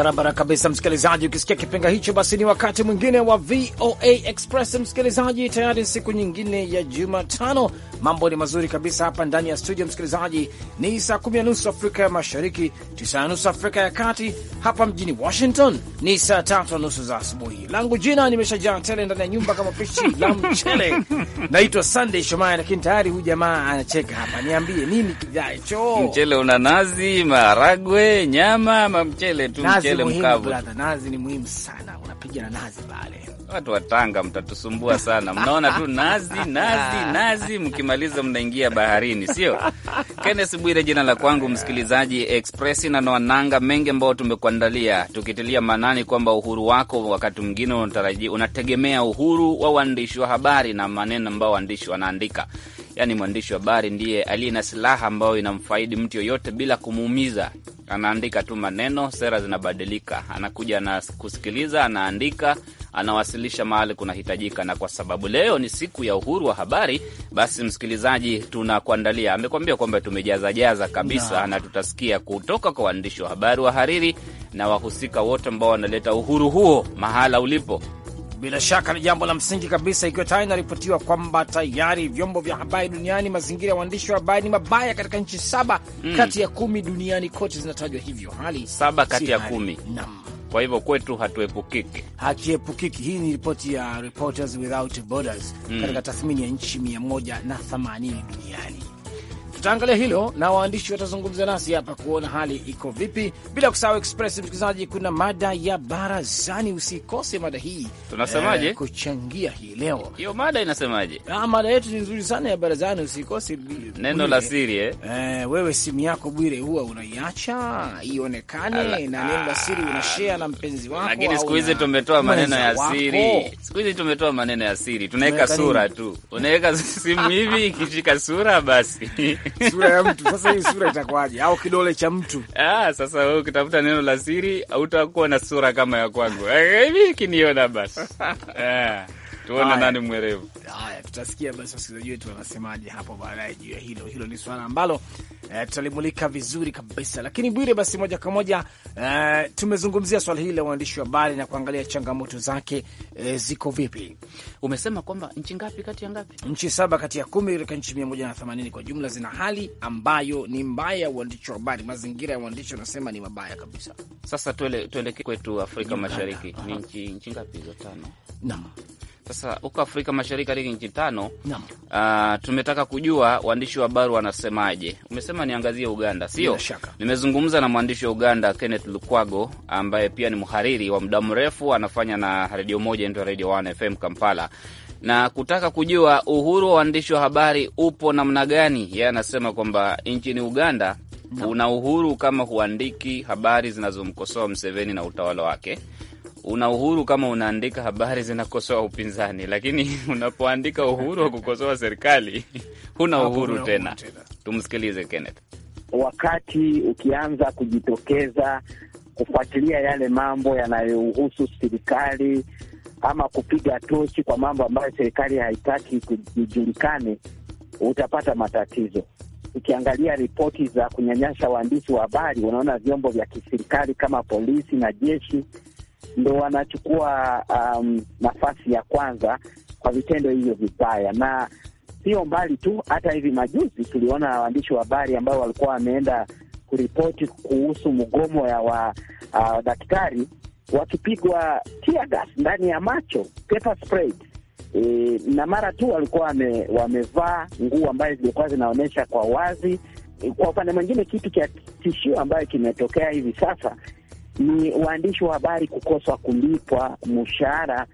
barabara kabisa, msikilizaji. Ukisikia kipenga hicho, basi ni wakati mwingine wa VOA Express. Msikilizaji, tayari siku nyingine ya Jumatano, mambo ni mazuri kabisa hapa ndani ya studio. Msikilizaji, ni saa kumi na nusu Afrika ya Mashariki, tisa na nusu Afrika ya Kati. Hapa mjini Washington ni saa tatu na nusu za asubuhi. Langu jina nimeshajaa tele ndani ya nyumba kama pishi la mchele, naitwa Sunday Shomaya, lakini tayari huyu jamaa anacheka hapa. Niambie nini kijacho? Mchele una nazi, maharagwe, nyama ama mchele tu? Mchele mchele mkavu. Nazi ni muhimu sana, unapiga na nazi pale. Watu wa Tanga mtatusumbua sana, mnaona tu nazi nazi nazi, mkimaliza mnaingia baharini, sio? Kenneth Bwire jina la kwangu, msikilizaji Express na noananga mengi ambayo tumekuandalia, tukitilia maanani kwamba uhuru wako wakati mwingine unategemea uhuru wa waandishi wa habari na maneno ambao waandishi wanaandika Yani, mwandishi wa habari ndiye aliye na silaha ambayo inamfaidi mtu yoyote bila kumuumiza anaandika tu maneno, sera zinabadilika, anakuja na kusikiliza anaandika, anawasilisha mahali kunahitajika. Na kwa sababu leo ni siku ya uhuru wa habari, basi msikilizaji, tunakuandalia. Amekwambia kwamba tumejazajaza kabisa, na tutasikia kutoka kwa waandishi wa habari, wahariri na wahusika wote ambao wanaleta uhuru huo mahala ulipo bila shaka ni jambo la msingi kabisa, ikiwa tayari inaripotiwa kwamba tayari vyombo vya habari duniani, mazingira ya waandishi wa habari ni mabaya katika nchi saba mm. kati ya kumi duniani kote zinatajwa hivyo, hali saba kati ya kumi. nam Kwa hivyo kwetu hatuepukiki, hatuepukiki. Hii ni ripoti ya Reporters Without Borders mm. katika tathmini ya nchi 180 duniani tutaangalia hilo na waandishi watazungumza nasi hapa kuona hali iko vipi, bila kusahau Express. Msikilizaji, kuna mada ya barazani, usikose mada hii. Tunasemaje eh, kuchangia hii leo? Hiyo mada inasemaje? Ah, mada yetu ni nzuri sana ya barazani, usikose neno la siri eh. Eh, wewe simu yako Bwire huwa unaiacha ionekane na neno la siri unashare ah, na mpenzi wako, lakini siku hizi tumetoa maneno ya siri, siku hizi tumetoa maneno ya siri, tunaweka sura tu, unaweka simu hivi ikishika sura basi sura ya mtu sasa, hii sura itakuwaje? Au kidole cha mtu? Ah, sasa wewe ukitafuta neno la siri hautakuwa na sura kama ya kwangu eh, hivi kiniona basi eh tuone nani mwerevu. Haya, tutasikia basi wasikilizaji wetu wanasemaje hapo baadaye juu ya hilo. Hilo ni swala ambalo eh, tutalimulika vizuri kabisa, lakini Bwire, basi moja kwa moja eh, tumezungumzia swala hili la uandishi wa habari na kuangalia changamoto zake eh, ziko vipi. Umesema kwamba nchi ngapi kati ya ngapi? Nchi saba kati ya kumi katika nchi mia moja na themanini kwa jumla zina hali ambayo ni mbaya ya uandishi wa habari, mazingira ya uandishi unasema ni mabaya kabisa. Sasa tuelekee tuele kwetu Afrika Mashariki, ni nchi ngapi hizo? Tano. Naam. Sasa huko Afrika Mashariki katika nchi tano uh, tumetaka kujua waandishi wa habari wanasemaje. Umesema niangazie Uganda, sio? Nimezungumza na mwandishi wa Uganda Kenneth Lukwago ambaye pia ni mhariri wa muda mrefu, anafanya na redio moja inaitwa Redio 1 FM Kampala, na kutaka kujua uhuru wa waandishi wa habari upo namna gani. Yeye anasema kwamba nchini Uganda una uhuru kama huandiki habari zinazomkosoa Mseveni na utawala wake una uhuru kama unaandika habari zinakosoa upinzani, lakini unapoandika uhuru wa kukosoa serikali huna uhuru tena. Tumsikilize Kenneth. Wakati ukianza kujitokeza kufuatilia yale mambo yanayohusu serikali ama kupiga tochi kwa mambo ambayo serikali haitaki kujulikane, utapata matatizo. Ukiangalia ripoti za kunyanyasa waandishi wa habari, unaona vyombo vya kiserikali kama polisi na jeshi ndo wanachukua um, nafasi ya kwanza kwa vitendo hivyo vibaya, na sio mbali tu, hata hivi majuzi tuliona waandishi wa habari ambao walikuwa wameenda kuripoti kuhusu mgomo ya wa uh, daktari wakipigwa tear gas ndani ya macho pepper spray. E, na mara tu walikuwa wame, wamevaa nguo ambayo zilikuwa zinaonyesha kwa wazi. E, kwa upande mwingine, kitu cha tishio ambayo kimetokea hivi sasa ni waandishi wa habari kukoswa kulipwa mshahara,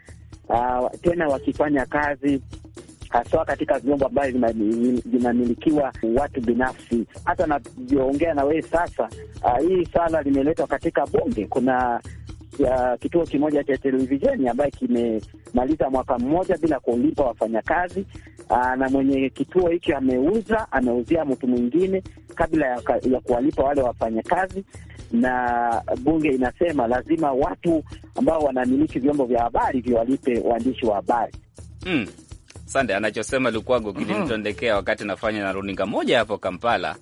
uh, tena wakifanya kazi haswa katika vyombo ambavyo vinamilikiwa watu binafsi. Hata navyoongea na wewe sasa, uh, hii sala limeletwa katika bunge. Kuna uh, kituo kimoja cha televisheni ambaye kimemaliza mwaka mmoja bila kulipa wafanyakazi, uh, na mwenye kituo hicho ameuza, ameuzia mtu mwingine kabla ya, ya kuwalipa wale wafanyakazi, na bunge inasema lazima watu ambao wanamiliki vyombo vya habari viwalipe waandishi wa habari mm. Sande, anachosema Lukwago kilinitondekea hmm. wakati nafanya na runinga moja hapo Kampala.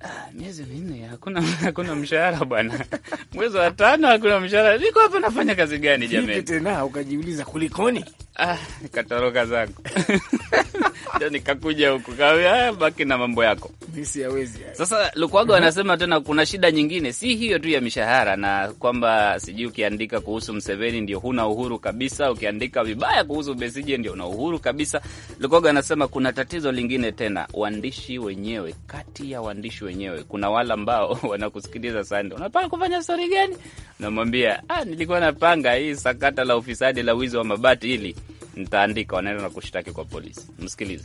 Ah, miezi minne hakuna hakuna mshahara bwana, mwezi wa tano hakuna mshahara. Niko hapa nafanya kazi gani jamani? Tena ukajiuliza kulikoni? Ah, nikatoroka zangu ndio nikakuja huku kawa ah, baki na mambo yako ya. Sasa Lukwago anasema tena kuna shida nyingine, si hiyo tu ya mishahara na kwamba sijui ukiandika kuhusu Mseveni ndio huna uhuru kabisa, ukiandika vibaya kuhusu Besije ndio una uhuru kabisa. Lukwago anasema kuna tatizo lingine tena, waandishi wenyewe, kati ya waandishi wenyewe kuna wale ambao wanakusikiliza sana, unapanga kufanya stori gani? Namwambia ah, nilikuwa napanga hii sakata la ufisadi la wizi wa mabati hili nitaandika wanaenda na kushtaki kwa polisi. Msikilize.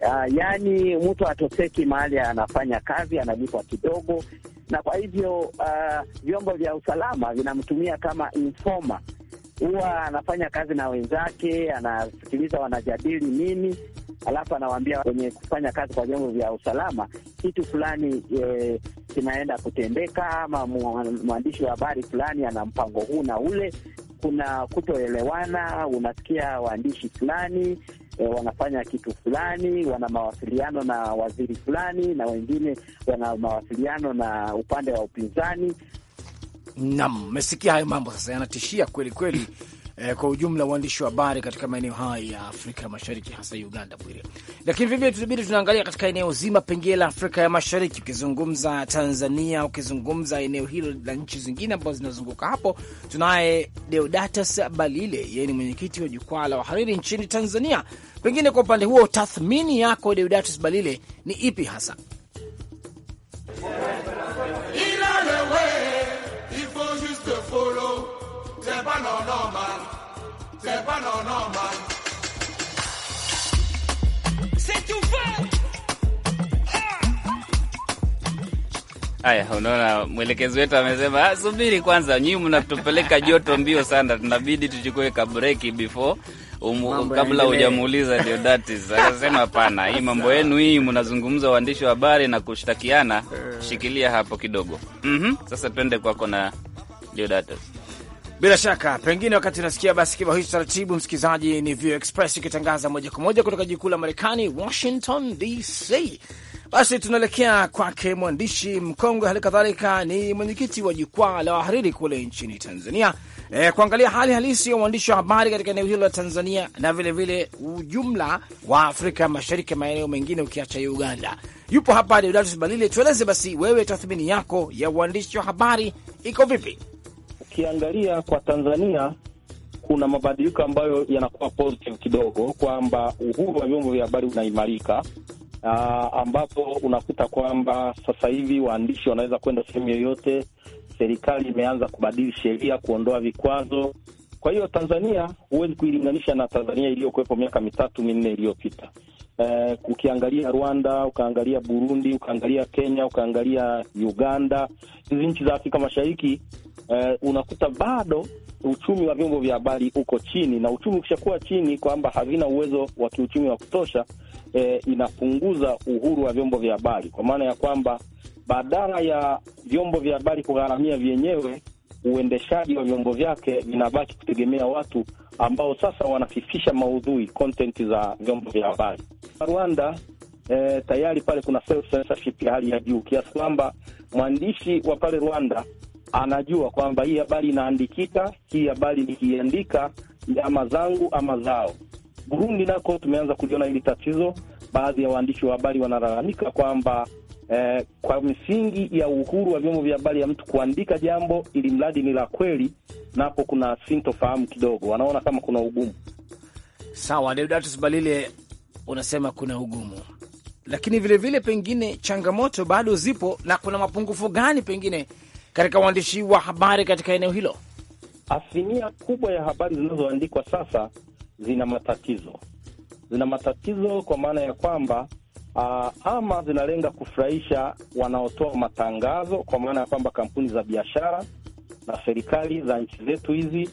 Uh, yaani mtu atoseki mahali anafanya kazi, analipwa kidogo, na kwa hivyo uh, vyombo vya usalama vinamtumia kama informa. Huwa anafanya kazi na wenzake, anasikiliza wanajadili nini, alafu anawaambia wenye kufanya kazi kwa vyombo vya usalama kitu fulani e, kinaenda kutendeka, ama mwandishi wa habari fulani ana mpango huu na ule kuna kutoelewana. Unasikia waandishi fulani e, wanafanya kitu fulani, wana mawasiliano na waziri fulani, na wengine wana mawasiliano na upande wa upinzani. Naam, mmesikia hayo mambo sasa yanatishia kweli kweli eh, kwa ujumla uandishi wa habari katika maeneo haya ya Afrika Mashariki, hasa Uganda Bwire. Lakini vivile tutabidi tunaangalia katika eneo zima pengine la Afrika ya Mashariki, ukizungumza Tanzania, ukizungumza eneo hilo la nchi zingine ambazo zinazunguka hapo. Tunaye Deodatus Balile, yeye ni mwenyekiti wa jukwaa la wahariri nchini Tanzania. Pengine kwa upande huo tathmini yako Deodatus Balile ni ipi hasa? Haya, ah. unaona mwelekezi wetu amesema, ah, subiri kwanza, nyi mnatupeleka joto mbio sana, tunabidi tuchukue kabreki before umu, kabla hujamuuliza Deodatus akasema hapana, hii mambo yenu hii, mnazungumza waandishi wa habari na kushtakiana, eh. shikilia hapo kidogo. mm -hmm. Sasa twende kwako na Deodatus. Bila shaka pengine wakati unasikia basi kibao hicho taratibu, msikilizaji, ni View Express ikitangaza moja kwa moja kutoka jikuu la Marekani, Washington DC. Basi tunaelekea kwake mwandishi mkongwe, hali kadhalika ni mwenyekiti wa jukwaa la wahariri kule nchini Tanzania, e, kuangalia hali halisi ya uandishi wa habari katika eneo hilo la Tanzania na vilevile vile ujumla wa Afrika Mashariki, maeneo mengine ukiacha ya Uganda. Yupo hapa Deodatus Balile, tueleze basi wewe, tathmini yako ya uandishi wa habari iko vipi? ukiangalia kwa Tanzania kuna mabadiliko ambayo yanakuwa positive kidogo, kwamba uhuru wa vyombo vya habari unaimarika, ambapo unakuta kwamba sasa hivi waandishi wanaweza kwenda sehemu yoyote. Serikali imeanza kubadili sheria, kuondoa vikwazo. Kwa hiyo Tanzania huwezi kuilinganisha na Tanzania iliyokuwepo miaka mitatu minne iliyopita eh, ukiangalia Rwanda, ukaangalia Burundi, ukaangalia Kenya, ukaangalia Uganda, hizi nchi za Afrika Mashariki eh, unakuta bado uchumi wa vyombo vya habari uko chini, na uchumi ukishakuwa chini, kwamba havina uwezo wa kiuchumi wa kutosha, eh, inapunguza uhuru wa vyombo vya habari, kwa maana ya kwamba badala ya vyombo vya habari kugharamia vyenyewe uendeshaji wa vyombo vyake vinabaki kutegemea watu ambao sasa wanafifisha maudhui content za vyombo vya habari. Rwanda eh, tayari pale kuna self censorship ya hali ya juu kiasi kwamba mwandishi wa pale Rwanda anajua kwamba hii habari inaandikika, hii habari nikiandika ama zangu ama zao. Burundi nako tumeanza kuliona hili tatizo, baadhi ya waandishi wa habari wanalalamika kwamba Eh, kwa misingi ya uhuru wa vyombo vya habari ya mtu kuandika jambo ili mradi ni la kweli, napo kuna sintofahamu kidogo, wanaona kama kuna ugumu. Sawa, Deodatus Balile, unasema kuna ugumu, lakini vilevile vile pengine changamoto bado zipo, na kuna mapungufu gani pengine katika uandishi wa habari katika eneo hilo? Asilimia kubwa ya habari zinazoandikwa sasa zina matatizo, zina matatizo kwa maana ya kwamba Uh, ama zinalenga kufurahisha wanaotoa matangazo, kwa maana ya kwamba kampuni za biashara na serikali za nchi zetu hizi.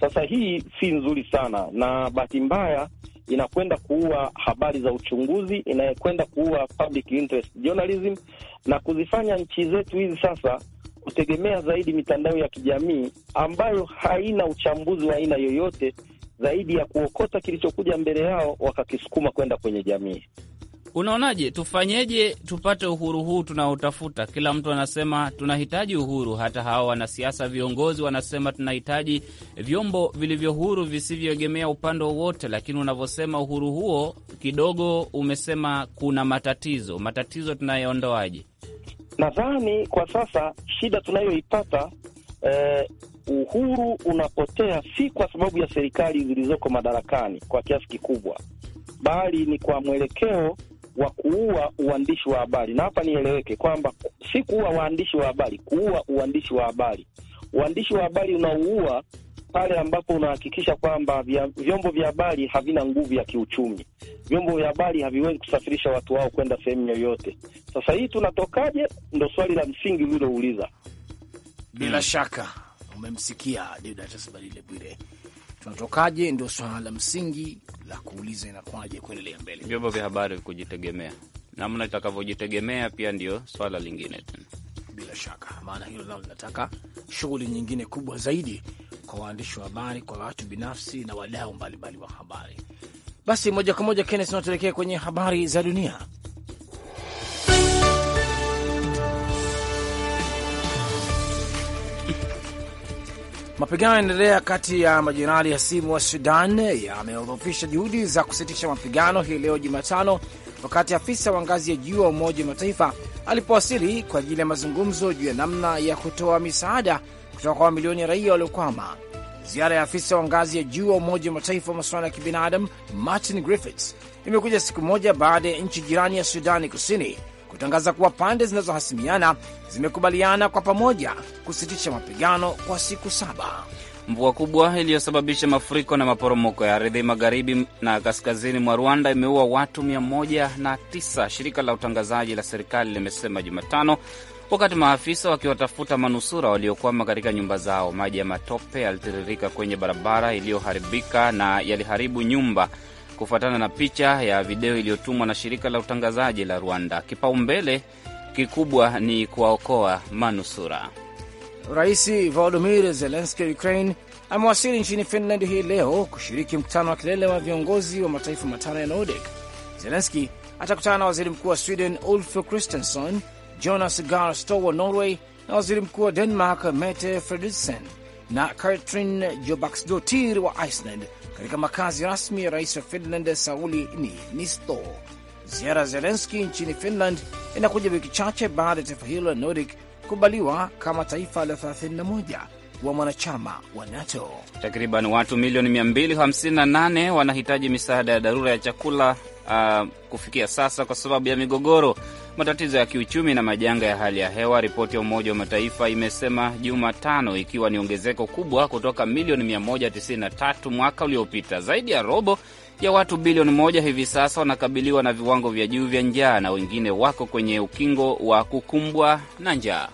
Sasa hii si nzuri sana, na bahati mbaya inakwenda kuua habari za uchunguzi, inayekwenda kuua public interest journalism na kuzifanya nchi zetu hizi sasa kutegemea zaidi mitandao ya kijamii ambayo haina uchambuzi wa aina yoyote zaidi ya kuokota kilichokuja mbele yao wakakisukuma kwenda kwenye jamii. Unaonaje, tufanyeje tupate uhuru huu tunaotafuta? Kila mtu anasema tunahitaji uhuru, hata hawa wanasiasa, viongozi wanasema tunahitaji vyombo vilivyo huru visivyoegemea upande wowote, lakini unavyosema uhuru huo kidogo, umesema kuna matatizo. Matatizo tunayoondoaje? Nadhani kwa sasa shida tunayoipata eh, uhuru unapotea si kwa sababu ya serikali zilizoko madarakani kwa kiasi kikubwa, bali ni kwa mwelekeo wa kuua uandishi wa habari. Na hapa nieleweke kwamba si kuua waandishi wa habari, kuua uandishi wa habari. Uandishi wa habari unauua pale ambapo unahakikisha kwamba vyombo vya habari havina nguvu ya kiuchumi. Vyombo vya habari haviwezi kusafirisha watu wao kwenda sehemu yoyote. Sasa hii tunatokaje? Ndo swali la msingi ulilouliza. Bila shaka umemsikia Deodatus Balile Bwire tunatokaje, ndio swala la msingi la kuuliza inakwaje kuendelea mbele. Vyombo vya habari kujitegemea, namna itakavyojitegemea pia ndio swala lingine tena, bila shaka, maana hilo nao linataka shughuli nyingine kubwa zaidi kwa waandishi wa habari, kwa watu binafsi na wadau mbalimbali wa habari. Basi moja kwa moja, Kennes, natuelekea kwenye habari za dunia. Mapigano yanaendelea kati ya ya simu wa Sudan yameodhofisha juhudi za kusitisha mapigano hii leo Jumatano, wakati afisa wa ngazi ya juu wa Umoja wa Mataifa alipowasili kwa ajili ya mazungumzo juu ya namna ya kutoa misaada kutoka kwa mamilioni ya raia waliokwama. Ziara ya afisa wa ngazi ya juu wa Umoja wa Mataifa wa masuala ya kibinadamu Martin Griffiths imekuja siku moja baada ya nchi jirani ya Sudani Kusini kutangaza kuwa pande zinazohasimiana zimekubaliana kwa pamoja kusitisha mapigano kwa siku saba. Mvua kubwa iliyosababisha mafuriko na maporomoko ya ardhi magharibi na kaskazini mwa Rwanda imeua watu 109, shirika la utangazaji la serikali limesema Jumatano, wakati maafisa wakiwatafuta manusura waliokwama katika nyumba zao. Maji ya matope yalitiririka kwenye barabara iliyoharibika na yaliharibu nyumba kufuatana na picha ya video iliyotumwa na shirika la utangazaji la Rwanda. Kipaumbele kikubwa ni kuwaokoa manusura. Rais Volodimir zelenski wa Ukraine amewasili nchini Finland hii leo kushiriki mkutano wa kilele wa viongozi wa mataifa matano ya Nordic. Zelenski atakutana na waziri mkuu wa Sweden Ulf Kristersson, Jonas Gahr Støre wa Norway na waziri mkuu wa Denmark Mette Frederiksen na Katrin Jobaksdotir wa Iceland katika makazi rasmi ya rais wa Finland Sauli Niinisto. Ziara ya Zelenski nchini Finland inakuja wiki chache baada ya taifa hilo la Nordic kubaliwa kama taifa la 31 wa mwanachama wa NATO. Takriban watu milioni 258 wanahitaji misaada ya dharura ya chakula uh, kufikia sasa kwa sababu ya migogoro matatizo ya kiuchumi na majanga ya hali ya hewa, ripoti ya Umoja wa Mataifa imesema Jumatano, ikiwa ni ongezeko kubwa kutoka milioni 193 mwaka uliopita. Zaidi ya robo ya watu bilioni moja hivi sasa wanakabiliwa na viwango vya juu vya njaa na wengine wako kwenye ukingo wa kukumbwa na njaa.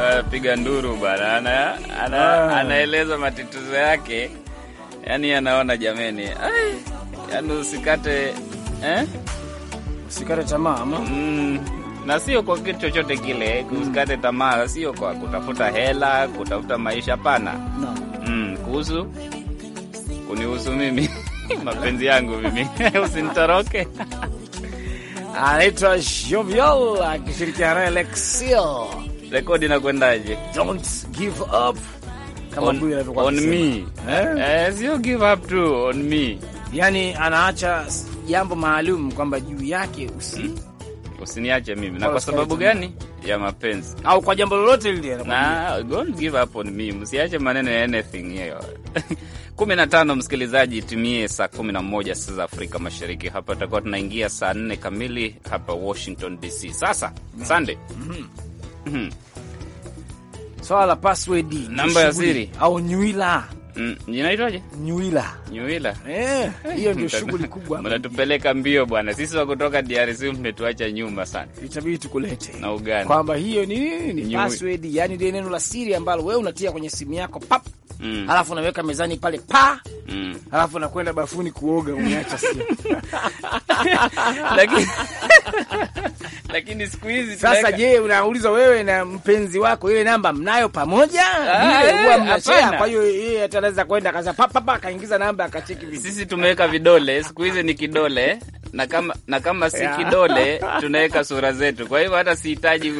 Eh, piga nduru bana, ana, ana, ah. anaeleza matatizo yake, yani anaona jameni, yani usikate eh? usikate tamaa ama mm, na sio kwa kitu chochote kile mm. usikate tamaa, sio kwa kutafuta hela, kutafuta maisha, pana no. mm, kuhusu kunihusu mimi mapenzi yangu mimi usinitoroke. Anaitwa Jovial akishirikiana naye Lexio rekodi inakwendaje? Don't give up on, on me eh? Eh, you give up too on me. Yani anaacha jambo maalum kwamba juu yake usi mm. Usiniache mimi na kwa sababu gani? Ya mapenzi au kwa jambo lolote lile, na don't give up on me, msiache maneno ya anything hiyo. 15 msikilizaji, itimie saa 11 saa za Afrika Mashariki. Hapa tutakuwa tunaingia saa 4 kamili hapa Washington DC. Sasa Sunday mm -hmm. Hmm. swala la password, namba ya siri au nywila hmm, Inaitwaje? Nywila. Nywila. Eh, hiyo ndio shughuli kubwa. Mnatupeleka mbio bwana. Sisi wa kutoka DRC mmetuacha nyuma sana. Itabidi tukulete. Na Uganda. Kwamba hiyo ni nini? Ni password, yani ndio neno la siri ambalo wewe unatia kwenye simu yako pap mm. Alafu unaweka mezani pale pa mm. Alafu nakwenda bafuni kuoga, umeacha simu lakini lakini siku hizi sasa, je, unauliza wewe na mpenzi wako ile namba mnayo pamoja? Ah, eh, kwa hiyo yeye ataweza kwenda kaza papa akaingiza namba akacheki. Sisi tumeweka vidole, siku hizi ni kidole na kama na kama si kidole tunaweka sura zetu. Kwa hivyo hata sihitaji,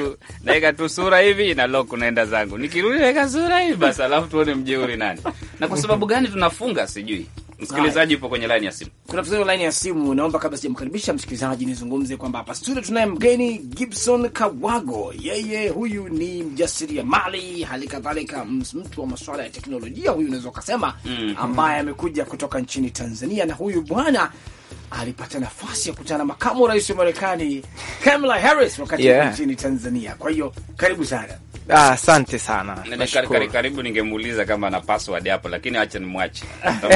naweka tu sura hivi na lock, naenda zangu. Nikirudi naweka sura hivi basi, alafu tuone mjeuri nani na kwa sababu gani tunafunga, sijui. Msikilizaji upo kwenye laini ya simu, kuna tatizo laini ya simu. Naomba kabla sijamkaribisha msikilizaji, nizungumze kwamba hapa studio tunaye mgeni Gibson Kawago. Yeye huyu ni mjasiriamali, hali kadhalika mtu wa masuala ya teknolojia, huyu unaweza ukasema, mm. ambaye amekuja kutoka nchini Tanzania, na huyu bwana alipata nafasi ya kukutana na makamu rais wa Marekani Kamala Harris wakati yeah, nchini Tanzania. Kwa hiyo karibu sana. Asante ah, sana. Kari, karibu ningemuuliza kama ana password hapo lakini acha nimwache.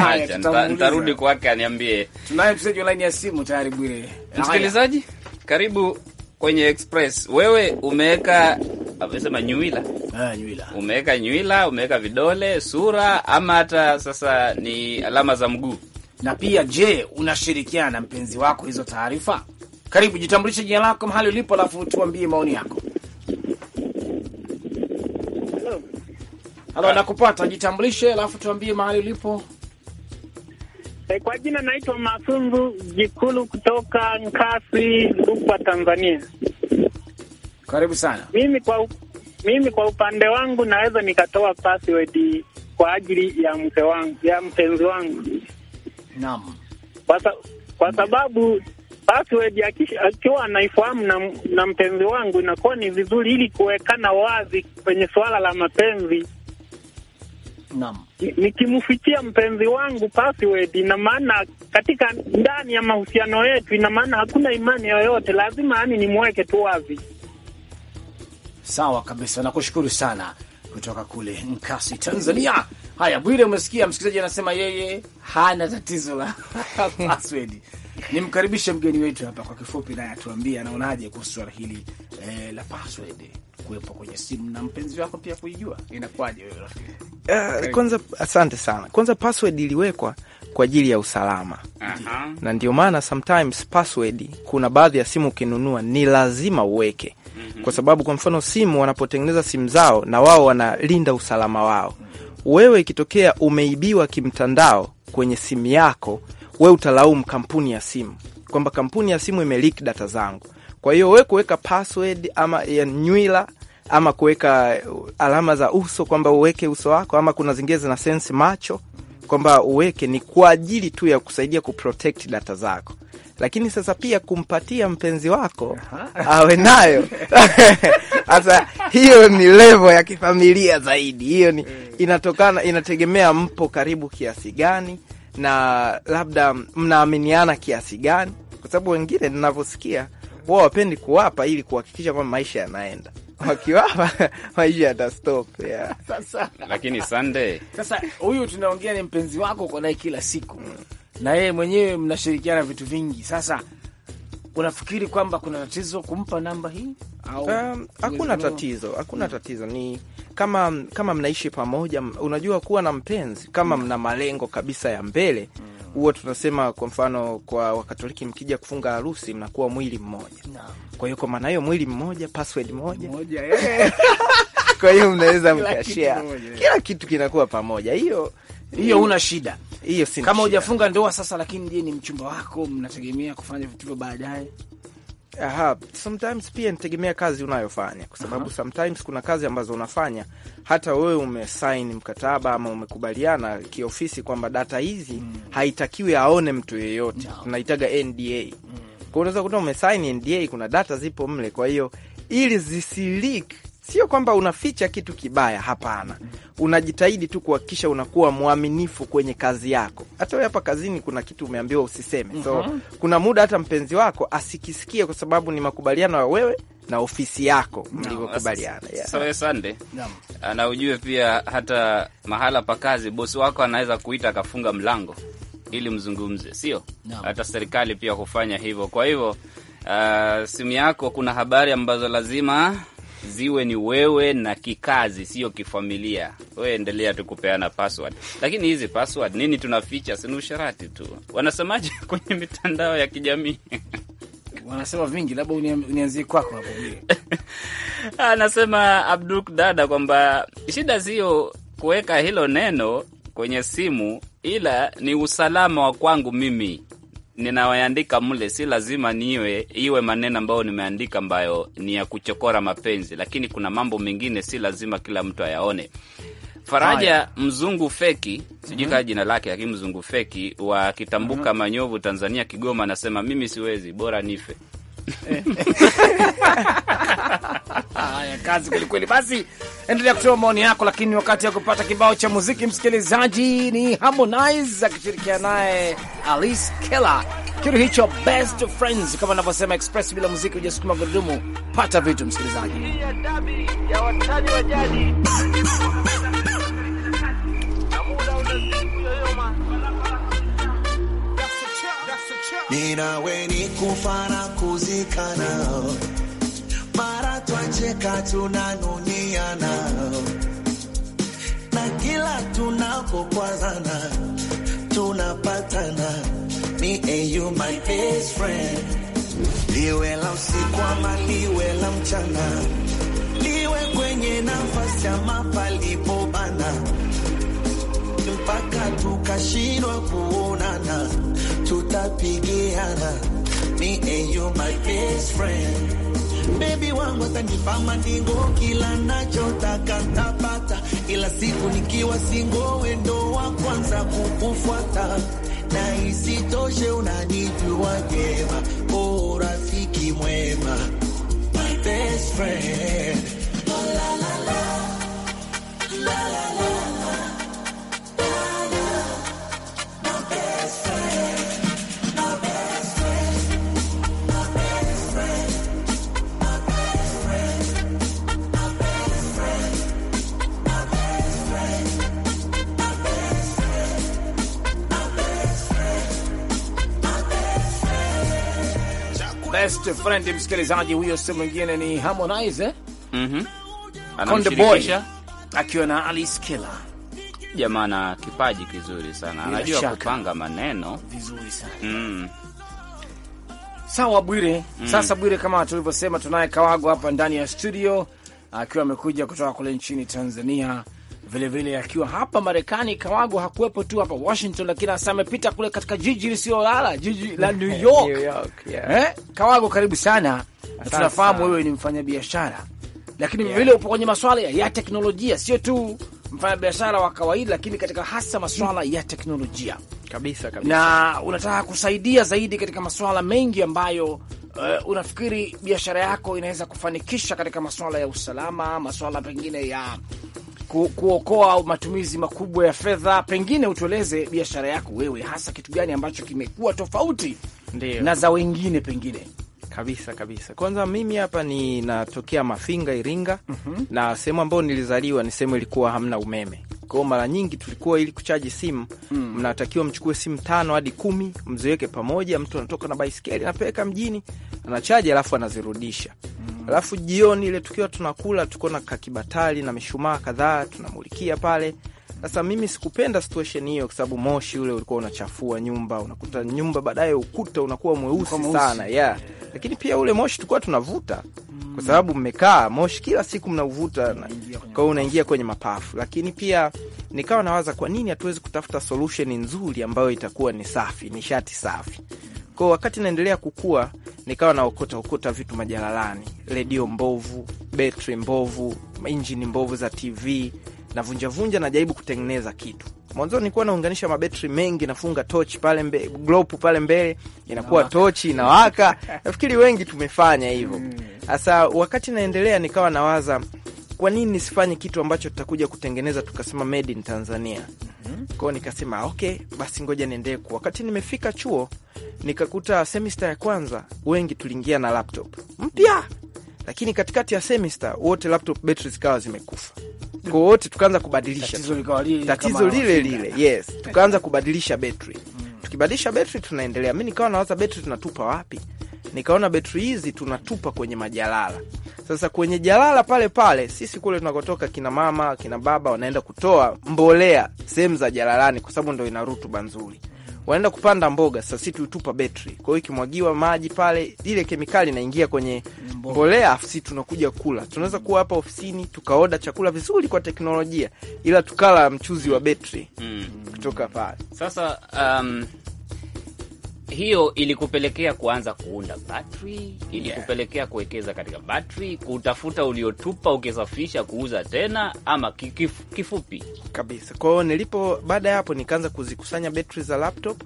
Nitarudi kwake aniambie. Tunaye mseji online ya simu tayari Bwire. Msikilizaji, karibu kwenye Express. Wewe umeweka amesema nyuila. Ah, nyuila. Umeweka nyuila, umeweka vidole, sura ama hata sasa ni alama za mguu na pia je, unashirikiana na mpenzi wako hizo taarifa? Karibu, jitambulishe jina lako, mahali ulipo, alafu tuambie maoni yako. Halo, nakupata. Jitambulishe alafu tuambie mahali ulipo. Eh, kwa jina naitwa Masunzu Jikulu kutoka Nkasi, Rukwa, Tanzania. Karibu sana. Mimi kwa, mimi kwa upande wangu naweza nikatoa password kwa ajili ya mke wangu, ya mpenzi wangu Naam, kwa sababu password akiwa anaifahamu na, na mpenzi wangu inakuwa ni vizuri, ili kuwekana wazi kwenye suala la mapenzi. Naam, nikimfichia mpenzi wangu password, ina maana katika ndani ya mahusiano yetu, ina maana hakuna imani yoyote, lazima yani nimweke tu wazi. Sawa kabisa, nakushukuru sana kutoka kule Nkasi, Tanzania. Haya, Bwire, umesikia msikilizaji anasema yeye hana tatizo la password. Nimkaribishe mgeni wetu hapa kwa kifupi, naye atuambie anaonaje kuhusu swala hili eh, la password kuwepo kwenye simu na mpenzi wako pia kuijua, inakuwaje wewe rafiki? Uh, kwanza asante sana. Kwanza password iliwekwa kwa ajili ya usalama. Aha. Na ndio maana sometimes password kuna baadhi ya simu ukinunua ni lazima uweke kwa sababu kwa mfano simu wanapotengeneza simu zao, na wao wanalinda usalama wao. Wewe ikitokea umeibiwa kimtandao kwenye simu yako, we utalaumu kampuni ya simu kwamba kampuni ya simu imelik data zangu. Kwa hiyo we kuweka password ama ya nywila ama kuweka alama za uso kwamba uweke uso wako, ama kuna zingine zina sensi macho kwamba uweke, ni kwa ajili tu ya kusaidia kuprotect data zako lakini sasa pia kumpatia mpenzi wako awe nayo sasa. hiyo ni levo ya kifamilia zaidi, hiyo ni mm. inatokana, inategemea mpo karibu kiasi gani na labda mnaaminiana kiasi gani, kwa sababu wengine ninavyosikia wao wapendi kuwapa ili kuhakikisha kwamba maisha yanaenda wakiwapa maisha yatastop yeah. Lakini Sunday, sasa huyu tunaongea ni mpenzi wako uko naye kila siku mm na yeye mwenyewe mnashirikiana vitu vingi. Sasa unafikiri kwamba kuna tatizo kumpa namba hii au um, hakuna? Um, tatizo hakuna hmm. Tatizo ni kama kama mnaishi pamoja, unajua kuwa na mpenzi kama hmm. mna malengo kabisa ya mbele hmm huwa tunasema kwa mfano, kwa Wakatoliki mkija kufunga harusi mnakuwa mwili mmoja no. Kwa hiyo kwa maana hiyo mwili mmoja, password moja, moja yeah. Kwa hiyo mnaweza mkashia kila kitu, kinakuwa pamoja. Hiyo hiyo una shida hiyo, si kama hujafunga ndoa sasa. Lakini je, ni mchumba wako, mnategemea kufanya vitu hivyo baadaye? Aha, sometimes pia nitegemea kazi unayofanya kwa sababu uh-huh. Sometimes kuna kazi ambazo unafanya hata wewe umesign mkataba ama umekubaliana kiofisi kwamba data hizi mm. haitakiwi aone mtu yeyote no. Tunaitaga NDA mm. Kwa unaweza kuta umesign NDA, kuna data zipo mle, kwa hiyo ili zisilik Sio kwamba unaficha kitu kibaya, hapana. Unajitahidi tu kuhakikisha unakuwa mwaminifu kwenye kazi yako. Hata wewe hapa kazini kuna kitu umeambiwa usiseme, so mm -hmm. kuna muda hata mpenzi wako asikisikie, kwa sababu ni makubaliano ya wewe na ofisi yako mlivyokubaliana. Sawa, sande. Na ujue pia hata mahala pa kazi bosi wako anaweza kuita akafunga mlango ili mzungumze, sio hata serikali pia hufanya hivyo. Kwa hivyo uh, simu yako kuna habari ambazo lazima ziwe ni wewe na kikazi, sio kifamilia. We endelea tu kupeana password, lakini hizi password nini tunaficha? Sini usharati tu, wanasemaje kwenye mitandao ya kijamii? wanasema vingi, labda unianzie kwako hapo. Anasema Abduk dada kwamba shida sio kuweka hilo neno kwenye simu, ila ni usalama wa kwangu mimi ninayoandika mle si lazima niwe iwe maneno ambayo nimeandika ambayo ni ya kuchokora mapenzi, lakini kuna mambo mengine si lazima kila mtu ayaone. Faraja Haya. Mzungu Feki, sijui mhm. kaa jina lake, lakini Mzungu Feki wa Kitambuka, mhm. Manyovu, Tanzania, Kigoma, anasema mimi siwezi, bora nife. Haya, kazi kwelikweli. Basi endelea kutoa maoni yako, lakini wakati wa kupata kibao cha muziki, msikilizaji, ni Harmonize akishirikiana naye Alice Keller, kitu hicho best friends, kama anavyosema Express, bila muziki hujasukuma gurudumu. Pata vitu, msikilizaji ninawe ni kufa na nao, mara twacheka tunanuniana, na kila tunapokwazana tunapatana. Me and you my best friend, liwe la usiku ama liwe la mchana, liwe kwenye nafasi ama palipobana mpaka tu tukashindwa kuonana, tutapigiana. Me and you my best friend, baby wangu atanipa mandingo, kila nachotaka ntapata, ila siku nikiwa singo, wendo wa kwanza kukufuata na isitoshe unanijua jema, oh rafiki mwema, my best friend best friend msikilizaji, huyo si mwingine ni Harmonize mm -hmm. akiwa na Alice Killer. Jamaa na kipaji kizuri sana, anajua kupanga maneno vizuri sana mm. Sawa Bwire mm. Sasa Bwire, kama tulivyosema, tunaye Kawago hapa ndani ya studio akiwa amekuja kutoka kule nchini Tanzania vilevile vile akiwa hapa Marekani. Kawago hakuwepo tu hapa Washington, lakini hasa amepita kule katika jiji lisiolala, jiji la New York, New York yeah. Eh, Kawago karibu sana, na tunafahamu wewe ni mfanyabiashara, lakini yeah. vile upo kwenye maswala ya teknolojia, sio tu mfanyabiashara wa kawaida, lakini katika hasa maswala ya teknolojia kabisa, kabisa. na unataka kusaidia zaidi katika maswala mengi ambayo Uh, unafikiri biashara yako inaweza kufanikisha katika masuala ya usalama, masuala pengine ya ku, kuokoa matumizi makubwa ya fedha. Pengine utueleze biashara yako wewe, hasa kitu gani ambacho kimekuwa tofauti Ndiyo. na za wengine pengine kabisa kabisa. Kwanza mimi hapa ninatokea Mafinga, Iringa. mm -hmm. na sehemu ambayo nilizaliwa ni sehemu ilikuwa hamna umeme, kwao mara nyingi tulikuwa ili kuchaji simu mm. mnatakiwa mchukue simu tano hadi kumi mziweke pamoja, mtu anatoka na baiskeli anapeleka mjini anachaji, alafu anazirudisha mm. Alafu jioni ile tukiwa tunakula, tuko na kakibatali na mishumaa kadhaa, tunamulikia pale. Sasa mimi sikupenda situation hiyo, kwa sababu moshi ule ulikuwa unachafua nyumba, unakuta nyumba baadaye ukuta unakuwa mweusi sana yeah. Lakini pia ule moshi tulikuwa tunavuta kwa sababu mmekaa moshi kila siku mnauvuta, kwa hiyo unaingia kwenye mapafu. Lakini pia nikawa nawaza kwa nini hatuwezi kutafuta solution nzuri ambayo itakuwa ni safi, nishati safi. kwao. wakati naendelea kukua nikawa naokota okota vitu majalalani, redio mbovu, betri mbovu, injini mbovu za TV navunjavunja, najaribu kutengeneza kitu. Mwanzo nilikuwa naunganisha mabetri mengi, nafunga tochi pale mbe, glopu pale mbele inakuwa tochi inawaka. Nafikiri wengi tumefanya hivyo. Sasa mm. wakati naendelea, nikawa nawaza kwa nini nisifanye kitu ambacho tutakuja kutengeneza tukasema made in Tanzania? mm -hmm. Kwao nikasema okay, basi ngoja niendee kuwa. Wakati nimefika chuo nikakuta semester ya kwanza wengi tuliingia na laptop mpya, lakini katikati ya semester wote laptop betri zikawa zimekufa kwa wote tukaanza kubadilisha tatizo lile lile, yes, tukaanza kubadilisha betri. Mm. Tukibadilisha betri tunaendelea, mi nikawa nawaza betri tunatupa wapi? nikaona betri hizi tunatupa kwenye majalala. Sasa kwenye jalala pale pale, sisi kule tunakotoka, kina mama kina baba wanaenda kutoa mbolea sehemu za jalalani, kwa sababu ndo ina rutuba nzuri wanaenda kupanda mboga. Sasa si tutupa betri, kwa hiyo ikimwagiwa maji pale, ile kemikali inaingia kwenye mbolea, afu si tunakuja kula. Tunaweza kuwa hapa ofisini tukaoda chakula vizuri kwa teknolojia, ila tukala mchuzi wa betri mm, kutoka pale sasa um hiyo ilikupelekea kuanza kuunda batri, ilikupelekea kuwekeza katika batri, kutafuta uliotupa ukisafisha, kuuza tena, ama kif, kifupi kabisa. kwao nilipo, baada ya hapo nikaanza kuzikusanya betri za laptop,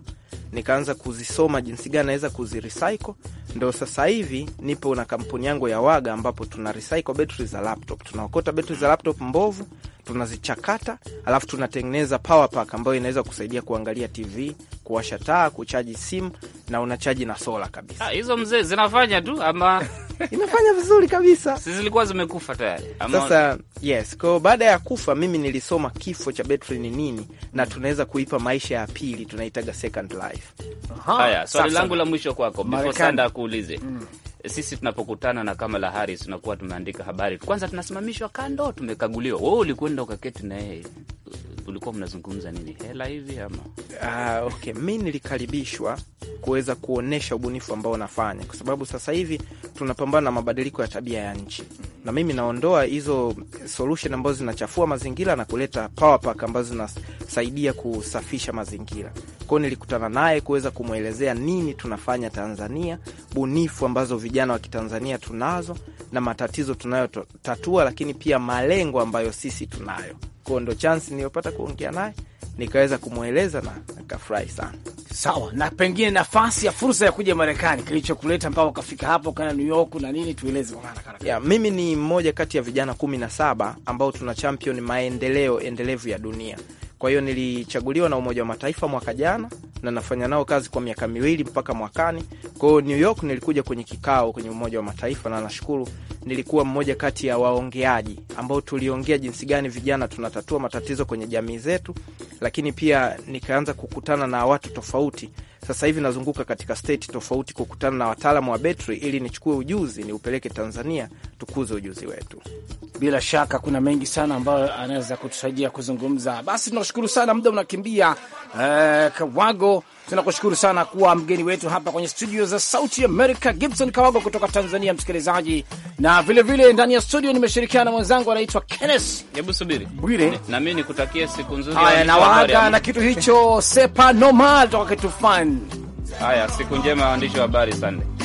nikaanza kuzisoma jinsi gani naweza kuzirecycle. Ndo sasa hivi nipo na kampuni yangu ya Waga ambapo tuna recycle betri za laptop, tunaokota betri za laptop mbovu tunazichakata, alafu tunatengeneza power pack ambayo inaweza kusaidia kuangalia TV, kuwasha taa, kuchaji simu na unachaji na sola kabisa. Ha, ah, hizo mzee zinafanya tu ama inafanya vizuri kabisa. Si zilikuwa zimekufa tayari. Sasa yes, kwa baada ya kufa mimi nilisoma kifo cha betri ni nini na tunaweza kuipa maisha ya pili, tunaitaga second life. Haya, swali langu la mwisho kwako before Sanda akuulize. Mm sisi tunapokutana na Kamala Harris tunakuwa tumeandika habari, kwanza tunasimamishwa kando, tumekaguliwa. Wewe ulikwenda ukaketi na yeye, ulikuwa mnazungumza nini? Hela hivi ama? Uh, okay, mi nilikaribishwa kuweza kuonyesha ubunifu ambao nafanya, kwa sababu sasa hivi tunapambana na mabadiliko ya tabia ya nchi, na mimi naondoa hizo solution ambazo zinachafua mazingira na kuleta power pack ambazo zinasaidia kusafisha mazingira. Kwao nilikutana naye kuweza kumwelezea nini tunafanya Tanzania, bunifu ambazo vijana vijana wa Kitanzania tunazo na matatizo tunayotatua, lakini pia malengo ambayo sisi tunayo kwao. Ndo chansi niliyopata kuongea naye nikaweza kumweleza na nikafurahi sana. Sawa, na pengine nafasi ya fursa ya kuja Marekani, kilichokuleta mpaka ukafika hapo kana New York na nini, tueleze kwa maana. Yeah, mimi ni mmoja kati ya vijana kumi na saba ambao tuna champion maendeleo endelevu ya dunia. Kwa hiyo nilichaguliwa na Umoja wa Mataifa mwaka jana na nafanya nao kazi kwa miaka miwili mpaka mwakani. Kwao New York nilikuja kwenye kikao kwenye Umoja wa Mataifa, na nashukuru nilikuwa mmoja kati ya waongeaji ambao tuliongea jinsi gani vijana tunatatua matatizo kwenye jamii zetu, lakini pia nikaanza kukutana na watu tofauti. Sasa hivi nazunguka katika state tofauti kukutana na wataalamu wa betri ili nichukue ujuzi niupeleke Tanzania, tukuze ujuzi wetu. Bila shaka kuna mengi sana ambayo anaweza kutusaidia kuzungumza. Basi tunashukuru sana, muda unakimbia. Eh, Kawago tunakushukuru sana kuwa mgeni wetu hapa kwenye studio za Sauti America. Gibson Kawago kutoka Tanzania, msikilizaji. Na vilevile ndani ya studio nimeshirikiana na mwenzangu anaitwa Kenneth. Hebu subiri Bwire, na mimi nikutakie siku nzuri. Haya, nawaaga na kitu hicho sepa normal toka kitu fan. Haya, siku njema, waandishi wa habari, sande.